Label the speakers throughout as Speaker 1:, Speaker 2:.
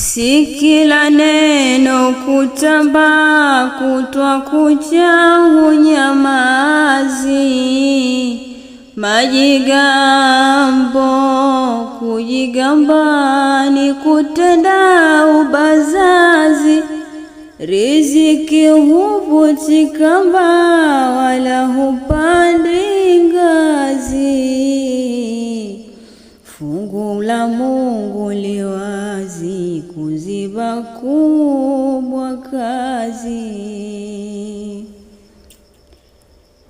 Speaker 1: Si kila neno kutamba kutwa kucha hunyamazi, majigambo kujigamba ni kutenda ubazazi, riziki huvuti kamba wala hupandi ngazi, fungu la Mungu liwa Sifa kubwa kazi,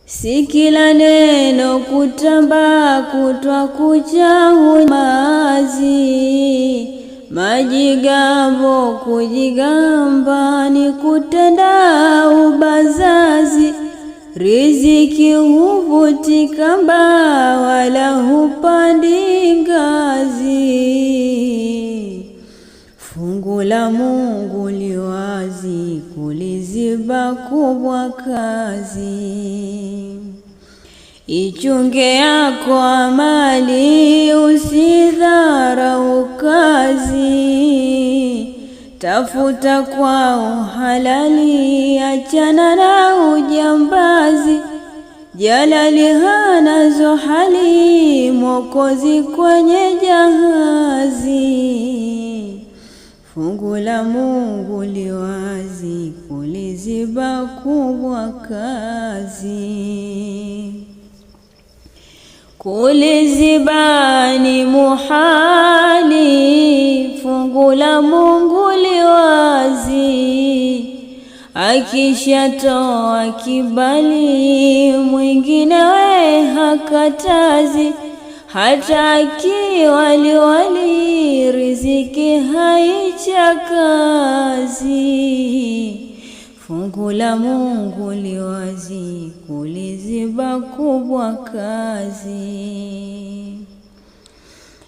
Speaker 1: si kila neno kutamba kutwa kucha humazi majigambo kujigamba ni kutenda ubazazi riziki huvutika kamba wala hupandi ngazi Fungu la Mungu liwazi, kuliziba kubwa kazi. Ichunge yako amali, usidharau kazi. Tafuta kwa uhalali, achana na ujambazi. Jalali hana zohali, Mwokozi kwenye jahazi Fungu la Mungu liwazi, kuliziba kubwa kazi. Kuliziba ni muhali, fungu la Mungu liwazi. Akishatoa kibali, mwingine we hakatazi hataki waliwali, riziki kazi, Fungu la Mungu liwazi, kuliziba kubwa kazi.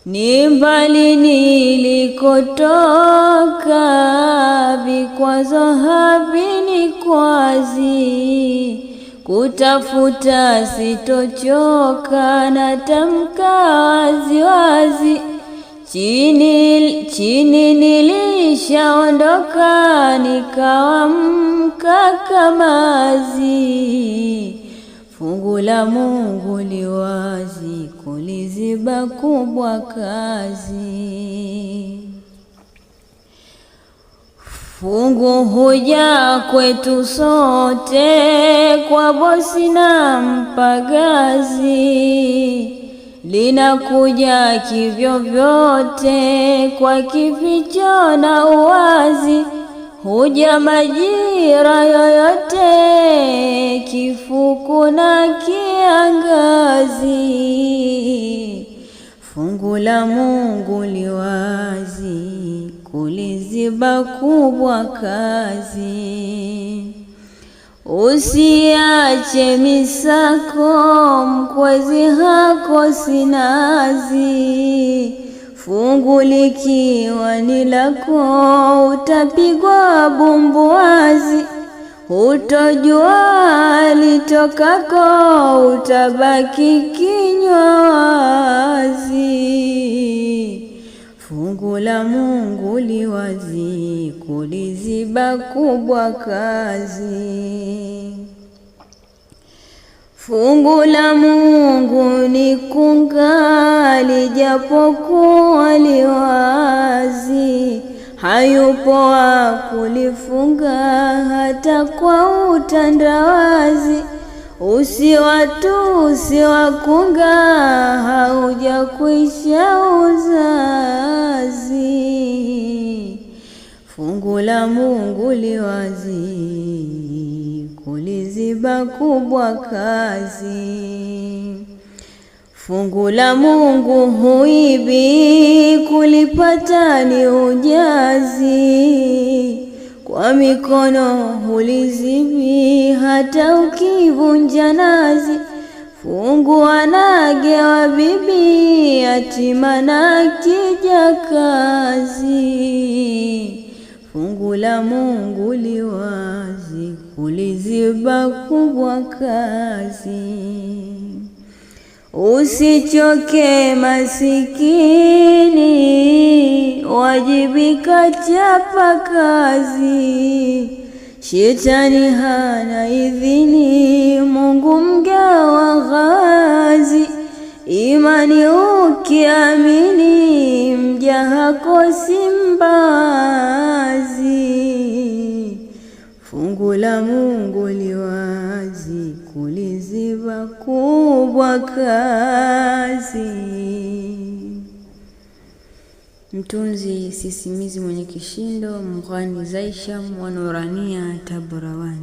Speaker 1: Ni mbali nilikotoka, vikwazo havinikwazi kutafuta sitochoka, na tamka waziwazi, chini chini nilishaondoka, nikawamka kamazi. Fungu la Mungu liwazi, kuliziba kubwa kazi Fungu huja kwetu sote, kwa bosi na mpagazi, linakuja kivyovyote, kwa kificho na uwazi, huja majira yoyote, kifuku na kiangazi, fungu la Mungu liwa msiba kubwa kazi, usiache misako mkwezi hako sinazi, fungu likiwa ni lako utapigwa bumbuazi, hutojua litokako utabaki kinywa Mungu liwazi, kuliziba kubwa kazi. Fungu la Mungu ni kungali, japokuwa liwazi, hayupo wa kulifunga hata kwa utandawazi. Usiwatu usiwakunga, haujakwisha uzaa wazi, fungu la Mungu liwazi, kuliziba kubwa kazi. Fungu la Mungu huibi, kulipata ni ujazi, kwa mikono hulizibi, hata ukivunja nazi fungu wanage wa bibi yatima na kijakazi. Fungu la Mungu liwazi kuliziba kubwa kazi. Usichoke masikini, wajibika, chapa kazi Shetani hana idhini, Mungu mgawa ghazi. Imani ukiamini, mja hakosi mbazi. Fungu la Mungu liwazi, kuliziba kubwa kazi
Speaker 2: Mtunzi sisimizi mwenye kishindo, Mghani Zaisham wanorania Nurania